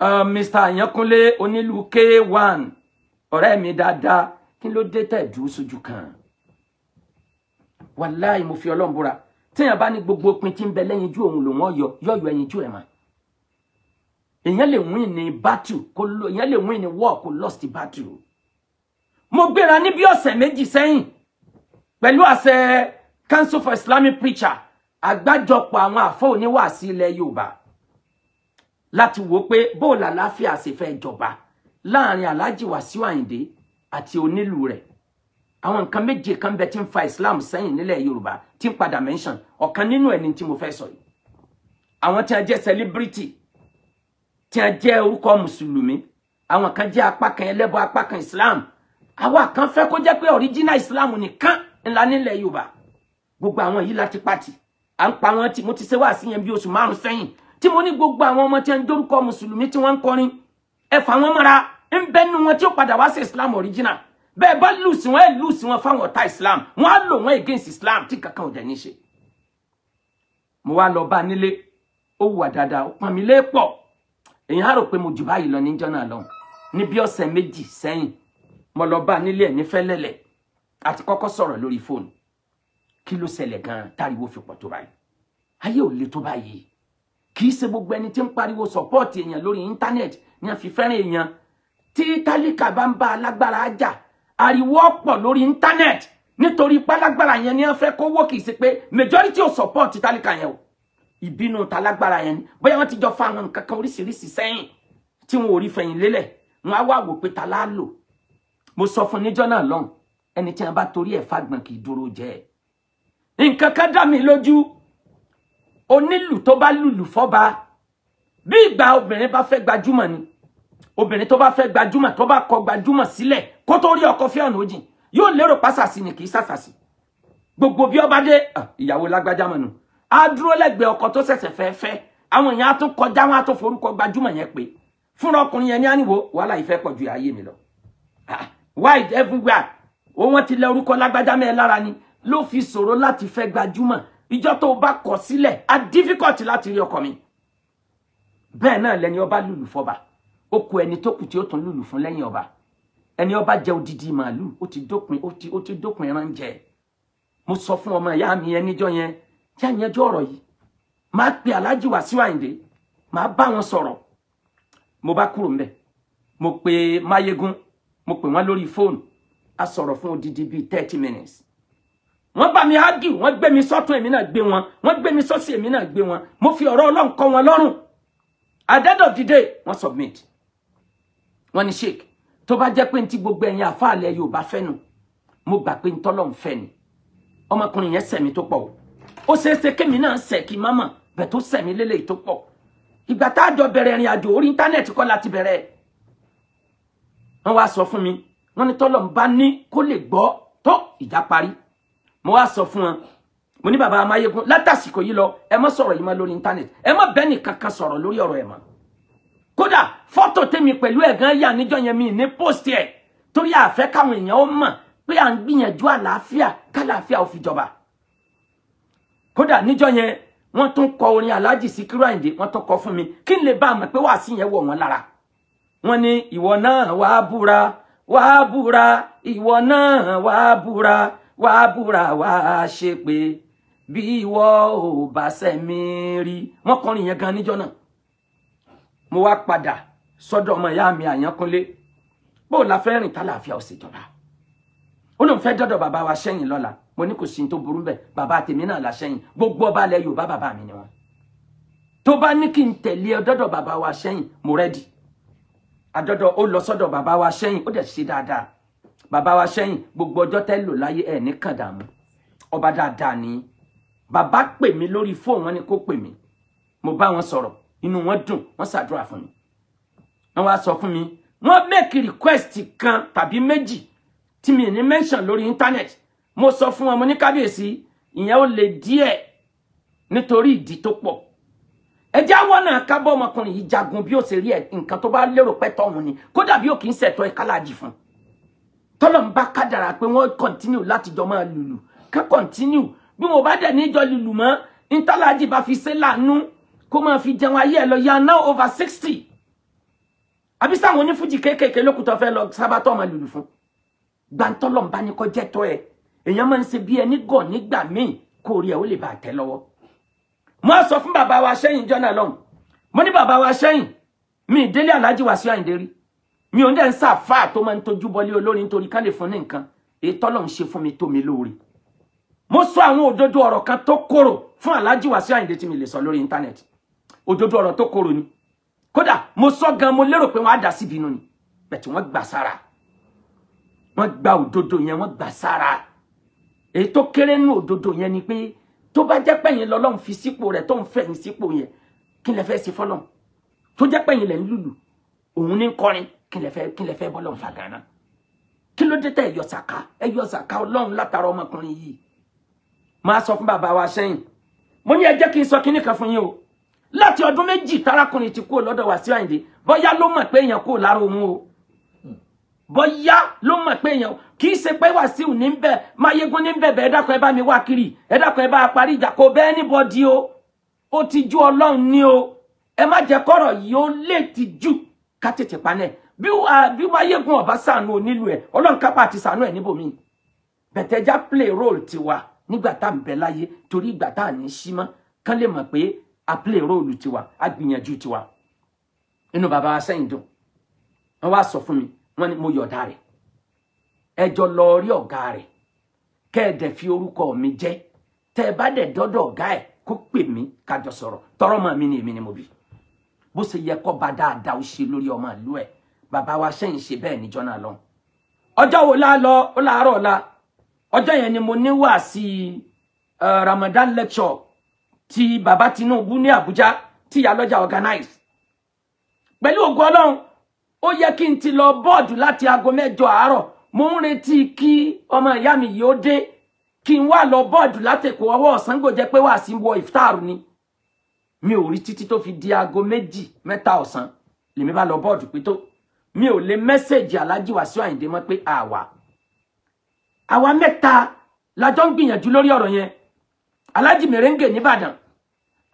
uh, Mr. Àyànkúnlé onílù K1 ọ̀rẹ́ mi dáadáa kí ló dé tẹ̀ dúró sójú kan wàláì mo fi ọlọ́run búra téèyàn bá ní gbogbo pin tí ń bẹ lẹ́yìn ju òun lòun ọ̀yọ́ yọ̀yọ̀ ẹ̀yìn ju ẹ̀ mà èèyàn lè win ní battle kó lọ èèyàn lè win ní war kó lost battle mo gbéra ní ọ̀sẹ̀ méjì sẹ́yìn pẹ̀lú àṣẹ Council for Islamic Preacher àgbájọpọ̀ àwọn àfọ́ oníwàásí ilẹ̀ Yorùbá láti wò pé bóòlù àláfíà ṣe fẹ́ jọba láàrin aláàjì Wàsíù Àyìndé àti onílù rẹ̀ àwọn nǹkan méje kan bẹ tí ń fa Islam sẹ́yìn nílẹ̀ Yorùbá tí ń padà mention ọ̀kan nínú ẹni tí mo fẹ́ sọ yìí àwọn tí wọ́n jẹ́ celebrity tí wọ́n jẹ́ orúkọ mùsùlùmí àwọn kan jẹ́ apá kan ẹlẹ́bọ apá kan Islam àwa kan fẹ́ kó jẹ́ pé original Islam nìkan ńlá nílẹ̀ Yorùbá gbogbo àwọn yìí láti pàtì à ń pa wọn tí mo ti ṣe wá sí yẹn bí oṣù márùn sẹ́yìn tí mo ní gbogbo àwọn ọmọ tí ń dórúkọ mùsùlùmí tí wọ́n ń kọrin ẹ fà wọ́n mọ́ra ń bẹ́nu wọn tí ó padà wá islam original bẹ́ẹ̀ bá lùsì wọn ẹ̀ lùsì wọn fáwọn ọ̀tá islam wọn á lò against islam tí kankan ò dẹ̀ ní ṣe. mo wá lọ bá nílé ó wùwà dáadáa ó pọn mi lé pọ̀ èyàn á rò pé mo jù báyìí lọ níjọ́ náà lọ ní bí ọ̀sẹ̀ méjì sẹ́yìn mo lọ bá nílé ẹ̀ ní fẹ́lẹ́lẹ̀ àti kọ́kọ́ sọ̀rọ̀ lórí fóònù kí ló ṣẹlẹ̀ gan-an fi pọ̀ tó báyìí ayé ò le tó báyìí kì í ṣe gbogbo ẹni tí ń pariwo sọ̀pọ́ọ̀tì èèyàn lórí íńtánẹ́ẹ̀tì ni a fi fẹ́ràn èèyàn tí tálíkà bá ń bá alágbára jà ariwo ọ̀pọ̀ lórí íńtánẹ́ẹ̀tì nítorí pálágbára yẹn ni a fẹ́ kówó kì í ṣe pé majority ò support tálíkà yẹn o ìbínú talágbára yẹn ni bóyá wọ́n ti jọ fa àwọn nǹkan kan oríṣiríṣi sẹ́yìn tí wọn ò rí fẹ̀yìn lélẹ̀ wọn á wá wò pé ta lá lò mo sọ fún níjọ́ náà lọ́hùn ẹni tí wọn bá torí ẹ̀ fagbọ̀n kì í dúró jẹ́ nǹkan kan dá mi lójú onílù tó bá lùlù fọ́ba bí ìgbà obìnrin bá fẹ́ gbajúmọ̀ ni obìnrin tó bá fẹ́ gbajúmọ̀ tó bá kọ gbajúmọ̀ sílẹ̀ kó tó rí ọkọ fẹ́ ọ̀nà òjì yóò lérò pásàsì ni kì í sàsàsì gbogbo bí ọba dé ìyàwó lágbájá mọ̀ nù á dúró lẹ́gbẹ̀ẹ́ ọkọ tó ṣẹ̀ṣẹ̀ fẹ́ fẹ́ àwọn èèyàn á tún kọjá wọn á tún forúkọ gbajúmọ̀ yẹn pé fúnra ọkùnrin yẹn ní àníwò wàhálà ìfẹ́ pọ̀ ju ayé mi lọ wide everywhere òun ti lẹ orúkọ lágbájá mẹ́ẹ̀ lára ni ló fi ṣòro láti fẹ́ gbajúmọ̀ ìjọ tó bá kọ̀ sílẹ̀ á difficult láti rí ọkọ mi bẹ́ẹ̀ náà lẹni ọba lùlù fọba ó kù ẹni tó kù tí ó tún lùlù fún lẹ́yìn ọba ẹni ọba jẹ odidi màálù ó ti dópin ó ti ó ti dópin ẹran jẹ mo sọ fún ọmọ ìyá mi ẹníjọ yẹn yá yẹn jọ ọ̀rọ̀ yìí máa pe aláàjì wá síwá ìdè máa bá wọn mo bá kúrò ńbẹ̀ mo pe mayegun mo pè wọn lórí fóònù a soro fun odidi bi thirty minutes wọ́n bá mi ágì wọ́n gbé mi sọ́tún èmi náà gbé wọn wọ́n gbé mi sọ́sì èmi náà gbé wọn mo fi ọ̀rọ̀ ọlọ́run kọ́ wọn lọ́rùn at the end of the day wọ́n submit wọ́n ní sheik tó bá jẹ́ pé ní ti gbogbo ẹ̀yin àfáàlẹ̀ fenu. fẹ́ nu mo gbà pé ní tọ́lọ́run fẹ́ ni ọmọkùnrin yẹn sẹ̀mí tó pọ̀ ó ṣeé se kémi náà sẹ̀ kí má mọ̀ bẹ̀ tó sẹ̀mí lélẹ̀ tó pọ̀ ìgbà tá a jọ bẹ̀rẹ̀ ìrìn àjò orí íńtánẹ́ẹ̀tì kọ́ láti bẹ̀rẹ̀ wọ́n wá sọ fún mi wọ́n ní tọ́lọ́run bá ní kó lè gbọ́ tó ìjà parí mo wá sọ fún wọn mo ní bàbá amáyégún látàsìkò yìí lọ ẹ má sọ̀rọ̀ yìí má lórí íńtánẹ̀tì ẹ má bẹ́ẹ̀ nìkan kan sọ̀rọ̀ lórí ọ̀rọ̀ ẹ̀ mọ́ kódà fọ́tò tèmi pẹ̀lú ẹ̀gán yà níjọ́ yẹn mi ní pósìtì ẹ̀ torí àfẹ́ káwọn èèyàn ó mọ̀ pé à ń gbìyànjú àlàáfíà kálàáfíà ò fi jọba kódà níjọ́ yẹn wọ́n tún kọ orin aláàjì síkírù àyìndé wọ́n tún kọ fún mi kí n lè bá a mọ̀ pé wàásì yẹn wọ̀ wọ́n lára wọ́n ní ìwọ náà wàá búra wàá búra ìwọ náà wàá wàá búra wàá ṣe pé bí ìwọ ò bá sẹ́mi rí wọ́n kọrin yẹn gan níjọ́ náà mo wá padà sọ́dọ̀ ọmọ ìyá mi àyánkúnlé bó la fẹ́ rìn tálàáfíà ò ṣèjọba ó lóun fẹ́ dọ́dọ̀ bàbá wa sẹ́yìn lọ́la mo ní kò sí ní tó burú bẹ́ẹ̀ bàbá tèmi náà la sẹ́yìn gbogbo ọba alẹ́ yorùbá bàbá mi ni wọn tó bá ní kí n tẹ̀lé ẹ bàbá wa sẹ́yìn mo rẹ́dì àdọ́dọ̀ ó lọ sọ́dọ̀ bàbá wa sẹ́yìn ó dẹ̀ ṣe dáadáa bàbá wa sẹ́yìn gbogbo ọjọ́ tẹ́ lò láyé ẹ̀ ní kàdàmú ọba dáadáa ni bàbá pè mí lórí fóònù wọn ni kó pè mí mo bá wọn sọ̀rọ̀ inú wọn dùn wọ́n ṣàdúrà fún mi wọ́n wá sọ fún mi wọ́n make request kan tàbí méjì tí mi ní mention lórí internet mo sọ fún wọn mo ní kábíyèsí ìyẹn ó le díẹ̀ nítorí ìdí tó pọ̀ ẹjẹ́ àwọn náà kábọ̀ ọmọkùnrin yìí jagun bí ó ṣe rí ẹ̀ nǹkan tó bá lérò pẹ́tọ́ òun ni kódà bí ó kì í ṣẹ̀tọ́ ẹ̀ká fún un tọ́lọ́n bá kádàrà pé wọ́n kọ́ntínú láti jọ máa lùlù ká kọ́ntínú bí mo bá dẹ̀ níjọ lùlù mọ́ ntàlájì bá fi ṣe láàánú kó máa fi jẹun ayé ẹ̀ lọ now over sixty àbí sáwọn onífújì kéékèèké lókùtọ̀ fẹ́ lo sabato máa lùlù fún gbàǹtọ́lọ́n bá ní kọ́ jẹ́ tọ́ ẹ èèyàn máa ń ṣe bí ẹni gọ̀ nígbà míì kó orí ẹ̀ ó lè bà tẹ́ lọ́wọ́ mo sọ fún bàbá wa sẹ́yìn jọ́nà lọ́hùn mo ní bàbá wa sẹ́yìn mi ìdílé aláàjì wá sí àyìndé rí mi ò ń dẹ̀ ń sàfà tó máa ń tojú bọlé olórin nítorí ká lè fún ní nǹkan èyí tọ́lọ́run ṣe fún mi tó mi lóore mo sọ àwọn òdodo ọ̀rọ̀ kan tó korò fún Alhaji Wasiu Ayinde tí mi lè sọ lórí íńtánẹ́ẹ̀tì òdodo ọ̀rọ̀ tó korò ni koda mo sọ gan mo lérò pé wọ́n á dà síbi inú ni bẹ̀tì wọ́n gbà sára wọ́n gba òdodo yẹn wọ́n gbà sára èyí tó kéré nínú òdodo yẹn ni pé tó bá jẹ́ pẹ̀yìn lọ́lọ́run fi sípò rẹ̀ tó ń fẹ̀yìn sípò yẹn kí lẹ fẹ́ ṣe fọ́lọ́run tó jẹ́ pẹ̀yìn lẹ̀ ń lùlù òun ní kọrin kí lè fẹ́ kí lè fẹ́ bọ́lọ̀ nfa gánà kí ló dé tẹ ẹ yọ sàká ẹ yọ sàká ọlọ́run látara ọmọkùnrin yìí máa sọ fún bàbá wa sẹ́yìn mo ní ẹ jẹ́ kí n sọ kinní kan fún yín o láti ọdún méjì tarakùnrin ti kúrò lọ́dọ̀ Wasiu Ayinde bóyá ló mọ̀ pé èèyàn kúrò lára òun o bóyá ló mọ̀ pé èèyàn kì í ṣe pé Wasiu ní bẹ́ẹ̀ Máyégún ní bẹ́ẹ̀ bẹ́ẹ̀ ẹ ẹ bá mi wá kiri ẹ ẹ bá parí ìjà kò bẹ́ẹ̀ níbọ̀dí o ó ti ju ọlọ́run ní o ẹ má jẹ́ kọ́rọ̀ yìí ó lè ti jù ká tètè panẹ̀ bí ó bá yégun ọ̀bá sànú onílù ẹ̀ ọlọ́run kápá àti sànú ẹ̀ níbòmíì bẹ̀tẹ̀já play role tiwa nígbà tá à ń bẹ láyé torí ìgbà tá à ní sí mọ́ kán lè mọ̀ pé a play role tiwa a gbìyànjú tiwa inú bàbá wa sẹ́yìn dùn wọ́n wá sọ fún mi wọ́n ní mo yọ̀dá rẹ̀ ẹjọ́ lọ rí ọ̀gá rẹ̀ kẹ́ ẹ dẹ̀ fi orúkọ mi jẹ́ tẹ́ ẹ bá dẹ̀ dọ́dọ̀ ọ̀gá ẹ̀ kó pè mí kájọ sọ̀rọ̀ tọrọ mọ́ mi ni èmi ni mo bì bó ṣe yẹ kó bá dáadáa ó ṣe lórí ọmọ ìlú ẹ̀ bàbá wa ṣe ń ṣe bẹ́ẹ̀ níjọ́ náà lọ. ọjọ́ wo la lọ ó láàárọ̀ la ọjọ́ yẹn ni mo ní wàásí Ramadan lecture ti bàbá Tinubu ní Àbújá tí ìyálọ́jà organize pẹ̀lú ògo Ọlọ́run ó yẹ kí n ti lọ bọ́ọ̀dù láti aago mẹ́jọ àárọ̀ mo ń retí kí ọmọ ìyá mi yìí ó dé kí n wá lọ bọ́ọ̀dù látẹ̀kọ̀ ọwọ́ ọ̀sán gbòjẹ́ pé wàásí wọ ìftáàrù ni mi ò rí títí tó fi di aago méjì mẹ́ta ọ̀sán lèmi bá lọ bọ́ọ̀dù pé tó mi ò lè mẹ́sẹ̀jì aláàjì Wasiu Àyìndé mọ́ pé àwa àwa mẹ́ta la jọ ń gbìyànjú lórí ọ̀rọ̀ yẹn aláàjì mèrèǹgè nìbàdàn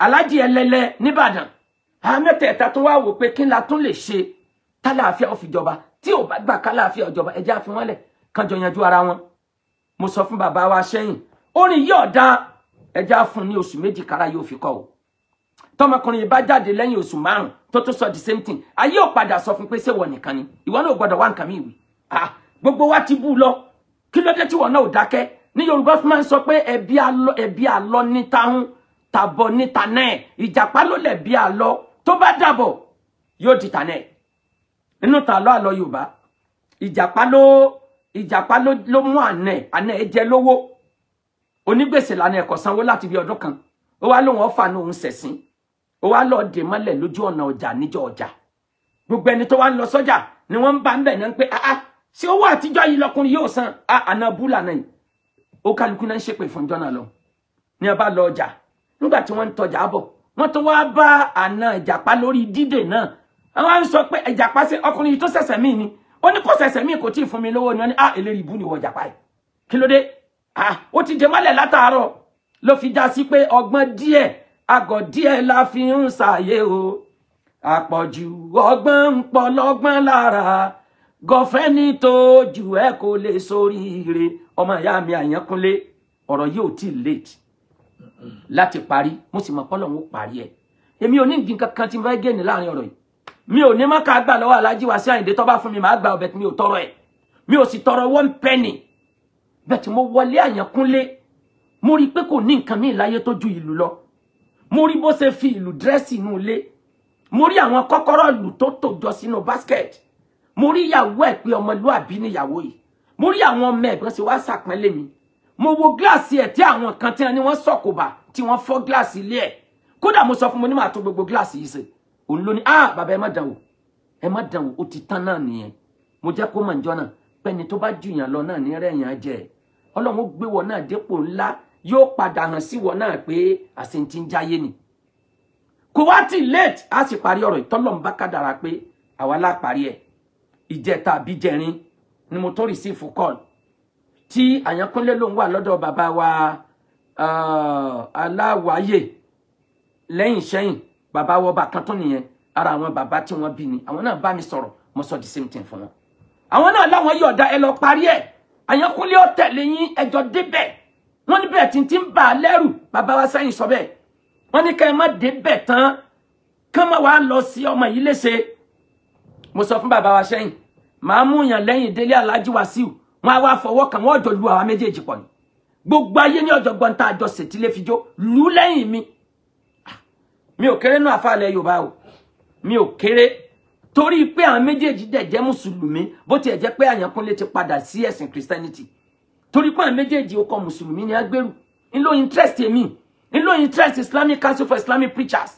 aláàjì ẹlẹlẹ nìbàdàn àwa mẹ́tẹ̀ẹ̀ta tó wá wò pé kí n la tún lè ṣe kálàáfíà ó fi jọba tí ò bá gbà kálàáfíà ọjọba ẹjẹ́ àfi wọ́n lẹ̀ kán jọ yanjú ara wọn mo sọ fún bàbá wa sẹ́yìn orin yìí ọ̀dà ẹjẹ́ àfún ní oṣù méjì kára yóò fi kọ́ tọmọkùnrin yìí bá jáde lẹ́yìn oṣù márùn tó tó sọ the same thing ayé ò padà sọ fún pé ṣé wọ nìkan ni ìwọ náà gbọ́dọ̀ wá nǹkan mi ìwé ah gbogbo wa ti bú lọ kí ló dé tí wọn náà ò dákẹ́ ní Yorùbá fún máa ń sọ pé ẹbí alọ ẹbí alọ níta ń tàbọ níta náà ìjàpá ló lẹbi alọ tó bá dàbọ̀ yóò di tànẹ inú ta lọ àlọ Yorùbá ìjàpá ló ìjàpá ló mú ànẹ ànẹ ẹ jẹ lówó onígbèsè lànà ẹkọ sanwó láti bí ọdún kan ó wá lóun ọfà ní òun ṣẹ̀sìn ó wá lọ dè mọ́lẹ̀ lójú ọ̀nà ọjà níjọ ọjà gbogbo ẹni tó wá ń lọ ni wọ́n ń bá ń bẹ̀ náà ah ah ṣé owó àtijọ́ yìí lọkùnrin yóò san ah àná búlà náà yìí ó kálukú náà ń ṣépè fún jọ́nà lọ ní ọba lọ ọjà nígbà tí wọ́n ń tọjà bọ̀ wọ́n tó wá bá àna ìjàpá lórí dídè náà àwọn ń sọ pé ìjàpá sí ọkùnrin ni ó ní kò ṣẹ̀ṣẹ̀ míì kò tí mi lówó ni wọ́n ah eléyìí bú ni wọ́n ìjàpá yìí ah ó ti dè mọ́lẹ̀ látàárọ̀ ló fi já sí pé ọgbọ́n díẹ̀ àgọ̀ díẹ̀ la fi ń ṣàyè o àpọ̀jù ọgbọ́n ń pọ̀ lọ́gbọ́n lára gọ̀fẹ́ ní tó jù ẹ́ kò lè soríire ọmọ ìyá mi àyànkúnlé ọ̀rọ̀ yìí tí ì late láti parí mo sì mọ̀ pọ́lọ̀ ń parí ẹ̀ èmi ò ní nǹkan kankan tí mo fẹ́ gẹ̀ẹ́nì láàrin ọ̀rọ̀ yìí mi ò ní má ká gbà lọ́wọ́ alájí wá sí àyìndé tó bá fún mi màá gba ọbẹ̀ tí mi ò tọrọ ẹ̀ mi ò sì tọrọ one penny bẹ́ẹ̀ tí mo wọlé àyànkúnlé mo rí i pé kò ní nǹkan ní ìláyé tó ju ìlú lọ mo rí bó ṣe fi ìlú dírẹ́sì inú ilé mo rí àwọn kọ́kọ́rọ́ ìlú tó tò jọ sínú basket mo rí ìyàwó ẹ̀ pé ọmọlúàbí níyàwó yìí mo rí àwọn ọmọ ẹ̀ bí wọ́n ṣe wá ṣàpọ́nlé mi mo wo gíláàsì ẹ̀ tí àwọn kan tí wọ́n ní wọ́n sọ̀kòbà tí wọ́n fọ́ gíláàsì ilé ẹ̀ kódà mo sọ fún mo ní màá tó gbogbo gíláàsì yìí ṣe òun ló ní ah bàbá ẹ má dàn wò ẹ má dàn wò ó ti tán náà nìyẹn mo jẹ́ kó mọ̀ níjọ́ náà pẹ́ni tó bá jù yàn lọ náà ní rẹ̀ yàn jẹ́ ọlọ́run ó gbé wọ náà dépò ńlá yóò padà hàn sí wọn náà pé àsìntì ń jáyé ni kò wá tí late a sì parí ọ̀rọ̀ ìtọ́lọ́mbá kádàrà pé àwa la parí ẹ̀ ìjẹta àbíjẹrin ni mo tó receive call tí àyànkúnlé lòun wà lọ́dọ̀ bàbá wa uh, aláwáyè lẹ́yìn sẹ́yìn bàbá wọba kan tó nìyẹn ara àwọn bàbá tí wọ́n bí ni àwọn náà bá mi sọ̀rọ̀ mo sọ the same thing fún wọn àwọn náà láwọn yọ̀ọ̀dá ẹ lọ parí ẹ̀ àyànkúnlé ó tẹ̀lé yín ẹjọ́ wọ́n níbẹ̀ tí tí ń bà á lẹ́rù bàbá wa sẹ́yìn sọ bẹ́ẹ̀ wọ́n ní ká ẹ má dé bẹ̀ tán kán má wàá lọ sí ọmọ yìí léṣe mo sọ fún bàbá wa sẹ́yìn màá mú yàn lẹ́yìn délé aláàjì wàsíù wọn á wá fọwọ́ kan wọ́n jọ lu àwa méjèèjì pọ̀ ni gbogbo ayé ní ọ̀jọ̀gbọ́n tá a jọ ṣètìlé fijó lù lẹ́yìn mi ah, mi ò kéré náà àfàlẹ́ yorùbá o mi ò kéré torí pé àwọn méjèèjì dẹ̀ jẹ́ mùsùlùmí bó tiẹ̀ jẹ́ pé Àyànkúnlé ti padà sí ẹ̀sìn christianity torí pé ụkọ méjèèjì ó kọ mùsùlùmí ni agbèrú ń lo interest emi ń lo interest Islamic Council for Islamic Preachers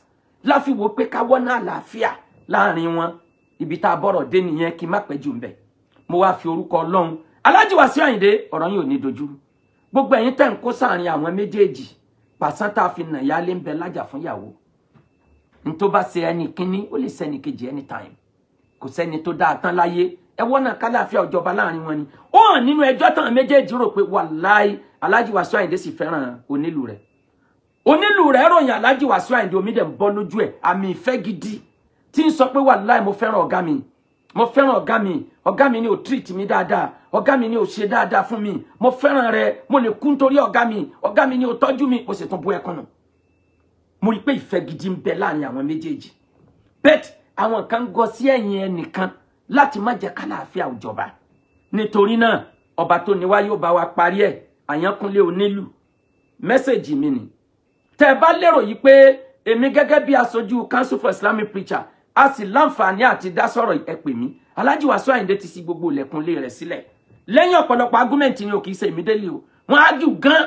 láfiwò pé ká wọ́n náà àlàáfíà laarin wọn ibi tá a bọ̀rọ̀ dé nìyẹn kí n má mo wa fi oruko Ọlọ́run Alhaji Wasiu Ayinde ọ̀rọ̀ yìí ò gbogbo eyin tẹ̀ ń kó sáàrin àwọn pasanta fi ya lé ń fún n anytime ẹwọ́ náà kálàáfíà òjọba láàrin wọn ni ó hàn nínú ẹjọ́ tán méjèèjì rò pé wàláì aláàjì Wasiu Àyìndé sì fẹ́ràn onílù rẹ̀ onílù rẹ̀ ròyìn aláàjì Wasiu Àyìndé omi dẹ̀ ń bọ́ lójú ẹ̀ àmì ìfẹ́ gidi tí ń sọ pé wàláì mo fẹ́ràn ọ̀gá mi mo fẹ́ràn ọ̀gá mi ọ̀gá mi ni ò treat mi dáadáa ọ̀gá mi ni ò ṣe dáadáa fún mi mo fẹ́ràn rẹ̀ mo lè kú nítorí ọ̀gá mi ọ̀gá mi ni ò tọ́jú mi mo sì tún bú ẹkún nù mo rí pé ìfẹ́ gidi ń bẹ láàrin àwọn méjèèjì bẹ́ẹ̀ àwọn kan gọ sí ẹ̀yìn ẹnìkan láti má jẹ́ kálàáfíà ó jọba nítorí náà ọba tó ní wá yóò bá wa parí ẹ̀ àyánkúnlé onílù mẹ́sẹ̀jì mi ni tẹ́ bá lérò yìí pé èmi gẹ́gẹ́ bí aṣojú council for islamic preacher a sì láǹfààní àti dá sọ̀rọ̀ ẹ pè mí aláàjì Wasiu Ayinde ti ṣí gbogbo ilẹ̀kùnlé rẹ̀ sílẹ̀ lẹ́yìn ọ̀pọ̀lọpọ̀ argument ni o kì í ṣe ìmídélé o wọ́n argue gan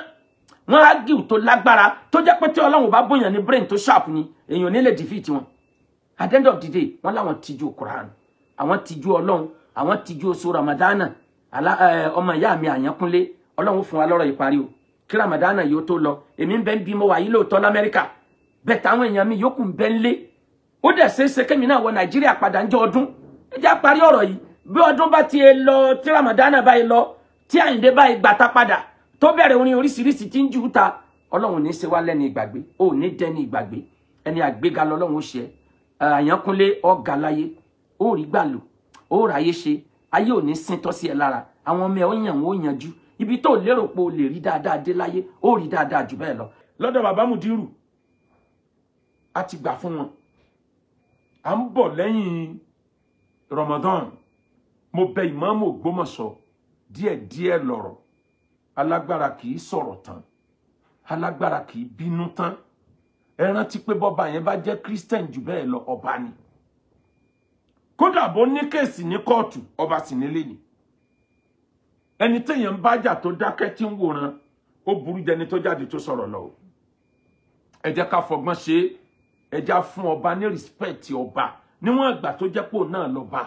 wọ́n argue tó lágbára tó jẹ́ pé tí ọlọ́run bá bóyàn ní brain tó sharp ni èèyàn nílẹ̀ defeat wọn at the end of the day wọ́n láwọn tijú Quran àwọn tijú ọlọ́run àwọn tijú oṣù ramadana ọmọ ìyá mi àyànkúnlé ọlọ́run fún wa lọ́rọ̀ ìparí o kí ramadana yóò tó lọ èmi ń bẹ ń bí mo wà yí lóòótọ́ lamẹ́ríkà bẹ́ẹ̀ táwọn èèyàn mi yòókù ń bẹ ń lé ó dẹ̀ ṣe é ṣe kémi náà wọ nàìjíríà padà ń jẹ ọdún ẹ já parí ọ̀rọ̀ yìí bí ọdún bá ti lọ tí ramadana bá lọ tí àyíndé bá gbàtà padà tó bẹ̀rẹ̀ orin oríṣiríṣi tí ń jù ta ọlọ́run ní í ṣe wá lẹ́ni ìgbàgbé ò ní dẹ́ni ìgbàgbé ẹni àgbéga lọ́lọ́run ó ṣe àyànkúnlé ọ̀gá láyé ó rí gbàlù ó ráyé ṣe ayé ò ní sin tọ́ sí ẹ lára àwọn ọmọ ẹ ó yàn ó ibi tó lérò pé o lè rí dáadáa dé láyé ó rí dáadáa jù bẹ́ẹ̀ lọ lọ́dọ̀ bàbá Ati a ti gbà fún wọn à ń Ramadan mo bẹ ìmáàmù Ògbómọ̀ṣọ́ díẹ̀díẹ̀ lọ̀rọ̀ alágbára kì í sọ̀rọ̀ tán alágbára kì í bínú tán ẹ rántí pé bọ́ba yẹn bá jẹ́ Christian jù bẹ́ẹ̀ lọ ọba ni kódà bó ní kéèsì ní kóòtù ọba sì nílé ni ẹni téèyàn bá jà tó dákẹ́ tí ń wòran ó burú jẹni tó jáde tó sọ̀rọ̀ lọ o ẹ jẹ́ ká fọgbọ́n ṣe ẹ já fún ọba ní rìspẹ́ẹ̀tì ọba níwọ̀n ìgbà tó jẹ́ pò náà lọ́ba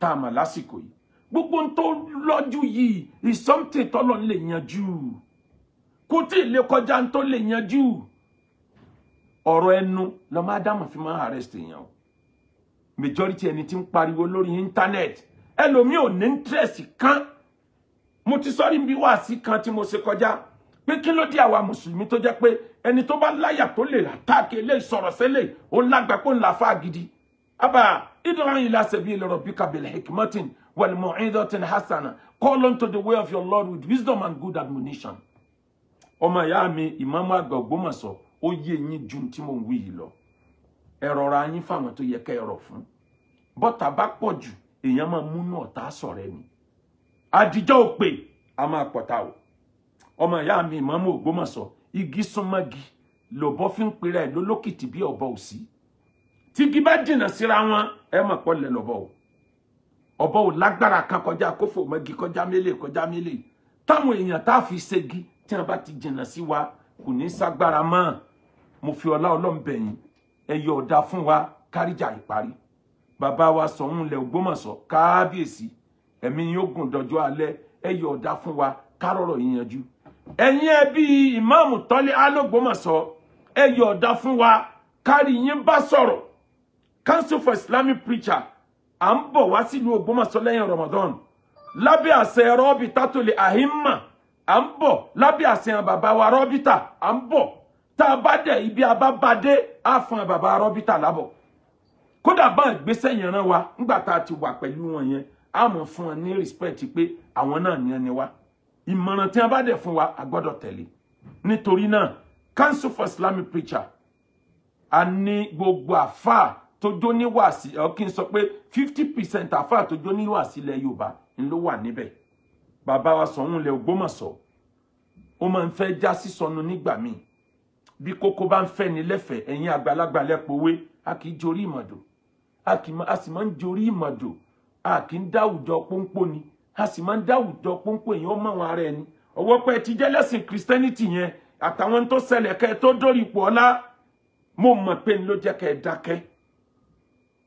tá a mà lásìkò yìí gbogbo tó lọ́jú yìí is something ń lè yanjú kò tí ì lè kọjá tó lè yanjú ọ̀rọ̀ ẹnu lọ́mọ ádámù fi máa arrest èèyàn o majority ẹni tí ń pariwo lórí internet ẹlòmíì ò ní interest kan mo ti sọ́rí bí wàásí kan tí mo ṣe kọjá pé kí ló dé àwa mùsùlùmí tó jẹ́ pé ẹni tó bá láyà tó lè látàkì eléyìí sọ̀rọ̀ sílẹ̀ ó lágbà pé ń la fa gidi abaa idran ila sabili rabbika bil hikmatin wal mu'izatin hasana call unto the way of your lord with wisdom and good admonition ọmọ ìyá mi ìmáàmù àgbà Ògbómọ̀ṣọ́ ó yé yín ju tí mo ń wí yìí lọ ẹ rọra yín fáwọn tó yẹ kẹ́ ẹ fún bọ́tà bá pọ̀ jù èèyàn máa múnú ọ̀tá sọ̀rẹ́ ni àdìjọ́ òpè a máa pọ̀tà o ọmọ ìyá mi ìmọ̀ọ́mọ́ Ògbómọ̀ṣọ́ igi súnmọ́gi lòbọ́ fi ń pera ẹ̀ lólókìtì bí ọ̀bọ òsì tígi bá dìnà síra wọn ẹ mọ̀ lọ́bọ̀ fi segi tí wọn bá ti sí wa kò ẹyọ ọ̀dà fún wa kárìjà ìparí bàbá wa sọ̀hún lẹ̀ ògbómọ̀ṣọ́ káábíyèsí ẹ̀mí yóò gùn ale e ẹyọ ọ̀dà fun wa kárọ̀rọ̀ ìyanjú fún wa kárí yín bá sọ̀rọ̀ council for islamic preacher à ń bọ̀ wá sílùú ògbómọ̀ṣọ́ lẹ́yìn ramadan wa ibi á fan bàbá rọ́bítà lábọ̀ kódà bá ìgbésẹ̀ yẹn rán wa nígbà tá a ti wà pẹ̀lú wọn yẹn á mọ̀ fún wọn ní respect pé àwọn náà ni wọn wa ìmọ̀ràn tí wọn bá dẹ̀ fún wa a gbọ́dọ̀ tẹ̀lé nítorí náà council for islamic preacher a ní gbogbo àfáà tó jó ní wàásí ẹ kí n sọ pé fifty percent àfáà tó jó ní wàásí ilẹ̀ yorùbá ń ló wà níbẹ̀ bàbá wa sọ̀hún ilẹ̀ ògbómọ̀ṣọ́ ó máa ń fẹ́ já sísọnù nígbà míì bí kókó bá ń fẹ́ ní lẹ́fẹ̀ẹ́ ẹ̀yin àgbàlagbà lẹ́pọ̀wé a kì í jorí ìmọ̀dò a sì máa ń jorí ìmọ̀dò a kì í dáwùjọ pọ́npọ́ ni a sì máa ń dáwùjọ pọ́npọ́ èèyàn mọ̀ wọn ara ẹni ọwọ́ pé ẹ ti jẹ́ lẹ́sìn Christianity yẹn àtàwọn tó ṣẹlẹ̀ kẹ́ ẹ tó dórí ipò ọlá mo mọ̀ pé ní ló jẹ́ kẹ́ ẹ dákẹ́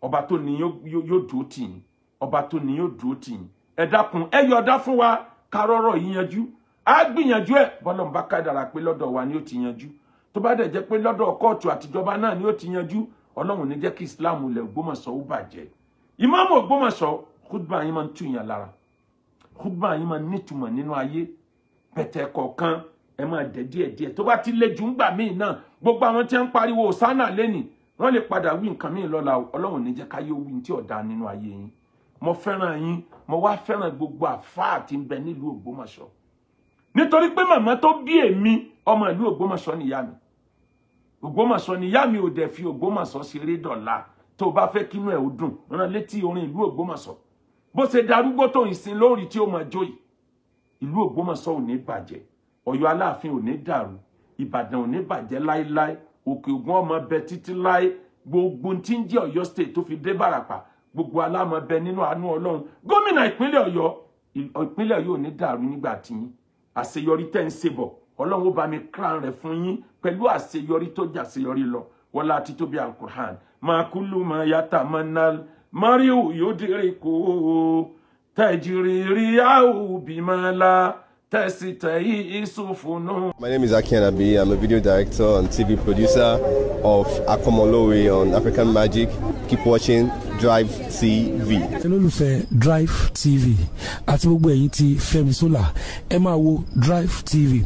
ọba tó ní yóò dúró tì yín ọba tó ní yóò dúró tì yín ẹ dákun ẹ yọ̀ọ̀dá fún wa karọ́rọ̀ yíyanjú á gbìyànjú ẹ̀ bọ́lọ̀ ń bá kádàrà pé lọ́dọ̀ wa ni ó ti yanjú tó bá dẹ̀ jẹ́ pé lọ́dọ̀ kóòtù àtijọba náà ni ó ti yanjú ọlọ́run ní jẹ́ kí islam ilẹ̀ ògbómọ̀ṣọ́ ó bàjẹ́ ìmáàmù ògbómọ̀ṣọ́ khutba yín máa ń tù yàn lára khutba yín máa ń nítumọ̀ nínú ayé pẹ̀tẹ̀ kọ̀ọ̀kan ẹ máa dẹ̀ díẹ̀díẹ̀ tó bá ti lé jù ń gbà míì náà gbogbo àwọn tí wọ́n ń pariwo sánà lẹ́nìí wọ́n lè padà wí nǹkan míì lọ́la ọlọ́run ní jẹ́ káyé wí tí ọ̀dà nínú ayé yín mo fẹ́ràn yín mo wá fẹ́ràn gbogbo àfáà tí ń bẹ nílùú ògbómọ̀ṣọ́ nítorí pé màmá tó bí èmi ọmọ ìlú ògbómọ̀ṣọ́ nìyá mi Ògbómọ̀ṣọ́ ni ìyá mi ò dẹ̀ fi Ògbómọ̀ṣọ́ ṣeré dọ̀la tó bá fẹ́ kínú ẹ̀ ó dùn rán létí orin ìlú Ògbómọ̀ṣọ́ bó ṣe darúgbó tó ìsìn lórí tí ó mọ jó yìí ìlú Ògbómọ̀ṣọ́ ò ní bàjẹ́ Ọ̀yọ́ Aláàfin ò ní dàrú Ìbàdàn ò ní bàjẹ́ láéláé Òkè Ògùn ọmọ bẹ títí láé gbogbo tí ń jẹ́ Ọ̀yọ́ state tó fi dé Bàràpá gbogbo alámọ bẹ nínú àánú Ọlọ́run Gomina ìpínlẹ̀ Ọ̀yọ́ ìpínlẹ̀ Ọ̀yọ́ ò ní dàrú nígbà tí àṣeyọrí tẹ́ ń ṣe bọ̀ ọlọ́run ó bá mi crown rẹ̀ fún yín pẹ̀lú àṣeyọrí tó jà àṣeyọrí lọ wọlá àti tóbi alukur'an máa kú lù máa yàtà máa ná mario yóò dèrè kó tẹ̀jìrì My name is Aki Anabi. I'm a video director and TV producer of Akomolowe on African Magic. Keep watching Drive TV. Olólùfẹ́ Drive TV àti gbogbo ẹ̀yin tí Fẹ́mi Sola ẹ máa wo Drive TV